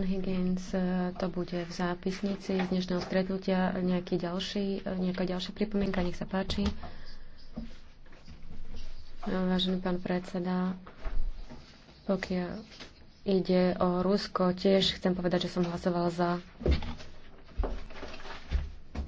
Pán Higgins, e, to bude v zápisnici z dnešného stretnutia nejaký ďalší, e, nejaká ďalšia pripomienka, nech sa páči. E, vážený pán predseda, pokiaľ ide o Rusko, tiež chcem povedať, že som hlasoval za